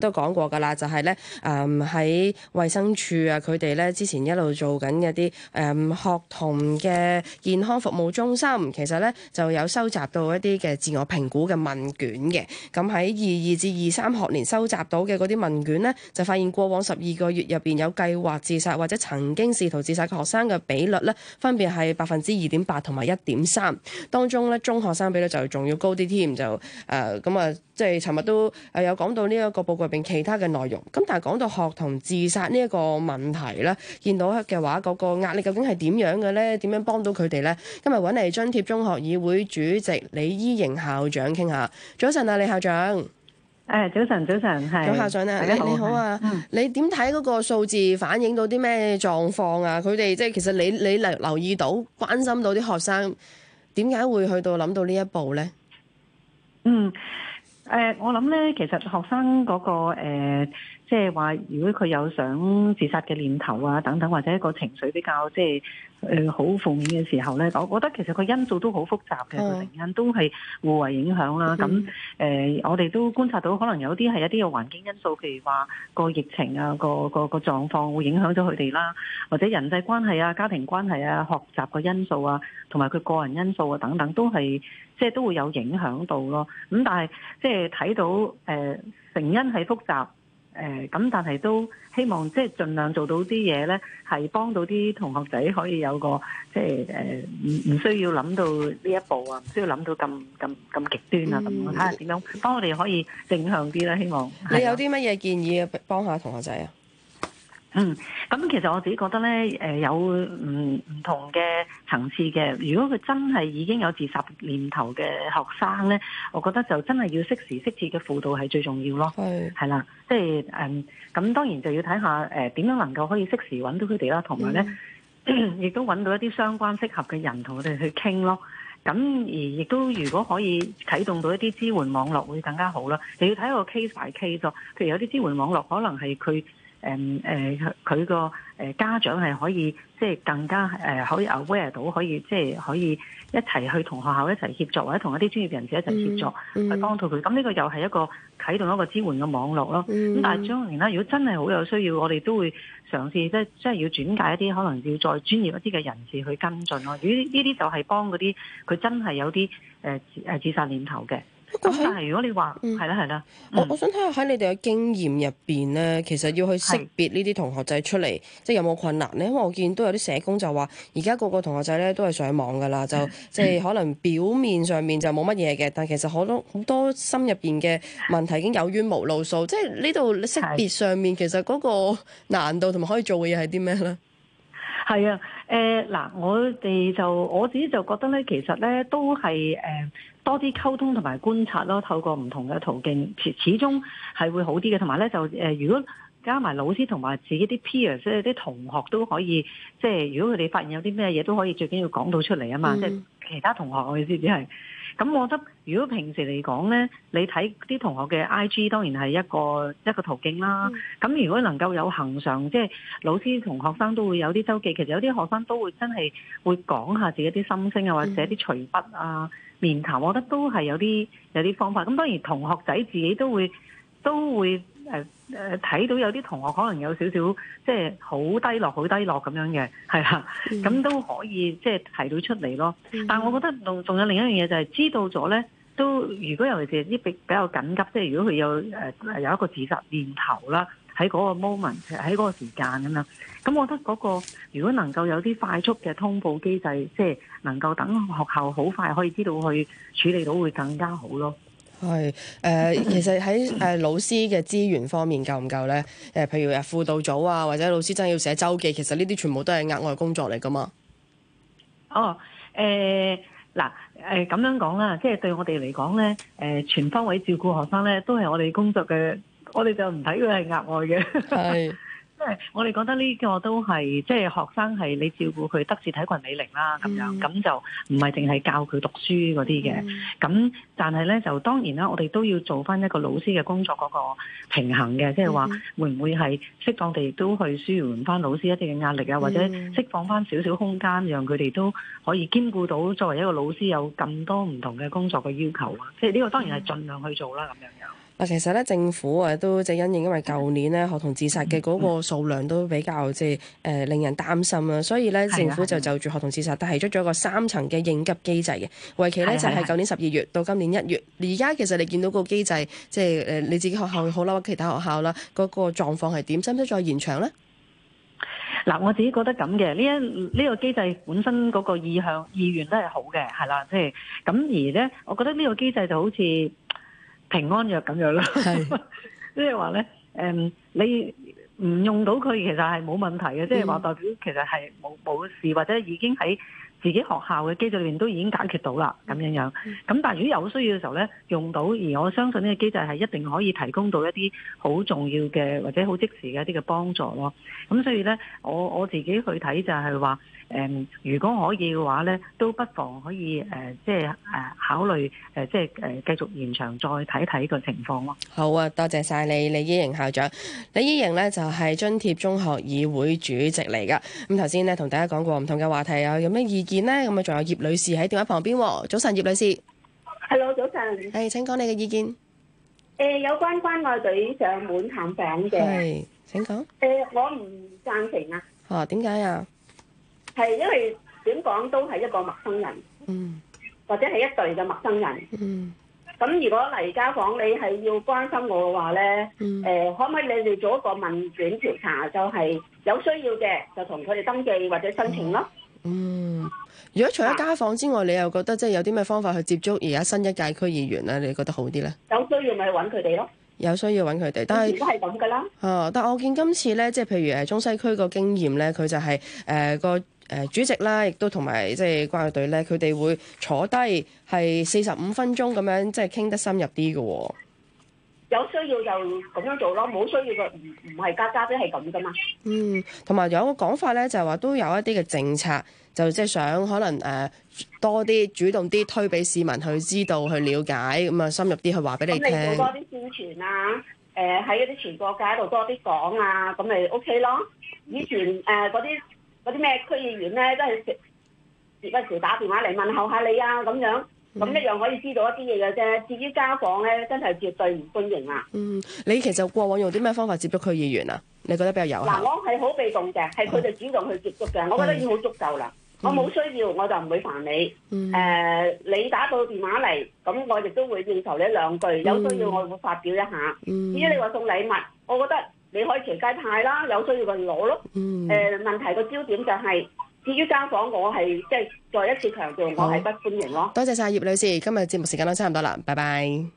都講過噶啦，就係、是、咧，誒、嗯、喺衛生署啊，佢哋咧之前一路做緊一啲誒、嗯、學童嘅健康服務中心，其實咧就有收集到一啲嘅自我評估嘅問卷嘅。咁喺二二至二三學年收集到嘅嗰啲問卷咧，就發現過往十二個月入邊有計劃自殺或者曾經試圖自殺嘅學生嘅比率咧，分別係百分之二點八同埋一點三。當中咧中學生比率就仲要高啲添，就誒咁啊，即係尋日都誒有講到呢一個報告。並其他嘅內容，咁但係講到學童自殺呢一個問題咧，見到嘅話，嗰個壓力究竟係點樣嘅咧？點樣幫到佢哋咧？今日揾嚟津貼中學議會主席李伊瑩校長傾下。早晨啊，李校長。誒，早晨，早晨，係。李校長啊，你好啊。嗯。你點睇嗰個數字反映到啲咩狀況啊？佢哋即係其實你你留留意到、關心到啲學生，點解會去到諗到呢一步咧？嗯。誒，uh, 我諗咧，其實學生嗰、個誒即係話，呃就是、如果佢有想自殺嘅念頭啊，等等，或者一個情緒比較即係。就是誒好、呃、負面嘅時候咧，我覺得其實個因素都好複雜嘅，成因的都係互為影響啦。咁誒、呃，我哋都觀察到可能有啲係一啲嘅環境因素，譬如話個疫情啊、個個個狀況會影響咗佢哋啦，或者人際關係啊、家庭關係啊、學習嘅因素啊，同埋佢個人因素啊等等，都係即係都會有影響到咯。咁但係即係睇到誒、呃、成因係複雜。誒咁，但係都希望即係、就是、盡量做到啲嘢咧，係幫到啲同學仔可以有個即係誒，唔、就、唔、是呃、需要諗到呢一步啊，唔需要諗到咁咁咁極端啊，咁睇下點樣幫我哋可以正向啲咧？希望你有啲乜嘢建議幫下同學仔啊？嗯，咁、嗯嗯、其實我自己覺得咧，誒、呃、有唔唔、嗯、同嘅層次嘅。如果佢真係已經有自殺念頭嘅學生咧，我覺得就真係要適時適切嘅輔導係最重要咯。係是，係啦，即係誒，咁當然就要睇下誒點、呃、樣能夠可以適時揾到佢哋啦，同埋咧亦都揾到一啲相關適合嘅人同我哋去傾咯。咁、嗯、而亦都如果可以啟動到一啲支援網絡會更加好啦。你要睇個 case by case 咯。譬如有啲支援網絡可能係佢。誒誒，佢佢個誒家長係可以即係、就是、更加誒、uh, 可以 Aware 到，可以即係、就是、可以一齊去同學校一齊協助，或者同一啲專業人士一齊協助、mm, um, 去幫到佢。咁呢個又係一個啟動一個支援嘅網絡咯。咁、mm, 但係當然啦，如果真係好有需要，我哋都會嘗試即係即係要轉介一啲可能要再專業一啲嘅人士去跟進咯。呢呢啲就係幫嗰啲佢真係有啲誒誒自殺念頭嘅。不過，但係如果你話，係啦、嗯，係啦、嗯，我我想睇下喺你哋嘅經驗入邊咧，其實要去識別呢啲同學仔出嚟，是即係有冇困難咧？因為我見都有啲社工就話，而家個個同學仔咧都係上網噶啦，就是即係可能表面上面就冇乜嘢嘅，但其實好多好多心入邊嘅問題已經有冤無路訴，即係呢度識別上面是其實嗰個難度同埋可以做嘅嘢係啲咩咧？係啊，誒嗱、呃，我哋就我自己就覺得咧，其實咧都係誒、呃、多啲溝通同埋觀察咯，透過唔同嘅途徑，始始終係會好啲嘅。同埋咧就誒，呃，如果加埋老師同埋自己啲 peers，即係啲同學都可以，即係如果佢哋發現有啲咩嘢都可以，最緊要講到出嚟啊嘛，嗯、即係其他同學我意思只係。咁我覺得，如果平時嚟講呢，你睇啲同學嘅 IG 當然係一個一個途徑啦。咁、嗯、如果能夠有恆常，即係老師同學生都會有啲周記，其實有啲學生都會真係會講下自己啲心聲啊，或者啲隨筆啊、面談，我覺得都係有啲有啲方法。咁當然同學仔自己都會都會。誒誒，睇到有啲同學可能有少少，即係好低落、好低落咁樣嘅，係啦，咁、mm. 都可以即係、即係、提到出嚟咯。Mm. 但係我覺得仲仲有另一樣嘢就係知道咗咧，都如果尤其是啲比較緊急，即係如果佢有誒有一個自殺念頭啦，喺嗰個 moment，喺嗰個時間咁啦，咁我覺得嗰、嗰個如果能夠有啲快速嘅通報機制，即、就、係、係、能夠等學校好快可以知道去處理到，會更加好咯。係誒、呃，其實喺誒、呃、老師嘅資源方面夠唔夠咧？誒、呃，譬如誒輔導組啊，或者老師真係要寫周記，其實呢啲全部都係額外工作嚟㗎嘛。哦，誒、呃、嗱，誒咁、呃、樣講啦，即係對我哋嚟講咧，誒、呃、全方位照顧學生咧，都係我哋工作嘅，我哋就唔睇佢係額外嘅。係。 即係 我哋覺得呢個都係，即係學生係你照顧佢德智體羣美靈啦，咁樣咁就唔係淨係教佢讀書嗰啲嘅。咁、mm hmm. 但係咧就當然啦，我哋都要做翻一個老師嘅工作嗰個平衡嘅，即係話會唔會係適當地都去舒緩翻老師一定嘅壓力啊，或者釋放翻少少空間，讓佢哋都可以兼顧到作為一個老師有咁多唔同嘅工作嘅要求啊。即係呢個當然係盡量去做啦，咁、mm hmm. 樣。嗱，其實咧，政府啊都正因應因為舊年咧學童自殺嘅嗰個數量都比較即係誒令人擔心啦，所以咧政府就就住學童自殺，但係出咗個三層嘅應急機制嘅，為期咧就係舊年十二月到今年一月。而家其實你見到個機制，即係誒你自己學校好啦，或者其他學校啦，嗰個狀況係點？使唔使再延長咧？嗱，我自己覺得咁嘅，呢一呢個機制本身嗰個意向、意願都係好嘅，係啦，即係咁而咧，我覺得呢個機制就好似。平安藥咁樣咯，即係話咧，誒、 嗯，你唔用到佢其實係冇問題嘅，即係話代表其實係冇冇事或者已經喺自己學校嘅機制裏面都已經解決到啦，咁樣樣。咁但係如果有需要嘅時候咧，用到，而我相信呢個機制係一定可以提供到一啲好重要嘅或者好即時嘅一啲嘅幫助咯。咁所以咧，我我自己去睇就係話，誒，如果可以嘅話咧，都不妨可以誒，即係誒考慮誒，即係誒繼續延長再睇睇個情況咯。好啊，多謝晒你李伊瑩校長。李伊瑩咧就係津貼中學議會主席嚟噶。咁頭先咧同大家講過唔同嘅話題啊，有咩意見？見咧，咁啊，仲有葉女士喺電話旁邊。早晨，葉女士，Hello，早晨，係，請講你嘅意見。誒，有關關愛隊上門探訪嘅，係，請講。誒，我唔讚成啊。哦，點解啊？係因為點講都係一個陌生人，嗯，或者係一隊嘅陌生人，嗯。咁如果嚟家訪，你係要關心我嘅話咧，誒，可唔可以你哋做一個問卷調查，就係有需要嘅就同佢哋登記或者申請咯。嗯。如果除咗家訪之外，你又覺得即係有啲咩方法去接觸而家新一屆區議員咧？你覺得好啲咧？有需要咪揾佢哋咯？有需要揾佢哋，但係都係咁噶啦。啊、哦！但係我見今次咧，即係譬如誒中西區個經驗咧，佢就係誒個誒主席啦，亦都同埋即係關愛隊咧，佢哋會坐低係四十五分鐘咁樣，即係傾得深入啲嘅、哦。有需要就咁樣做咯，冇需要嘅唔唔係家家都係咁噶嘛。嗯，同埋有個講法咧，就係話都有一啲嘅政策，就即係想可能誒多啲主動啲推俾市民去知道去了解，咁啊深入啲去話俾你聽。多啲宣傳啊，誒喺嗰啲全國界度多啲講啊，咁咪 OK 咯。以前誒嗰啲嗰啲咩區議員咧，都係時時不時打電話嚟問候下你啊，咁樣。咁一樣可以知道一啲嘢嘅啫。至於家訪咧，真係絕對唔歡迎啦、啊。嗯，你其實過往用啲咩方法接觸區議員啊？你覺得比較有效？嗱、啊，我係好被動嘅，係佢哋主動去接觸嘅。啊、我覺得已經好足夠啦。嗯、我冇需要，我就唔會煩你。誒、嗯呃，你打到電話嚟，咁我亦都會應酬你兩句。有需要我會發表一下。嗯嗯、至於你話送禮物，我覺得你可以隨街派啦。有需要佢攞咯。誒、嗯呃，問題個焦點就係、是。至於間房，我係即係再一次強調，我係不歡迎咯。多謝晒葉女士，今日節目時間都差唔多啦，拜拜。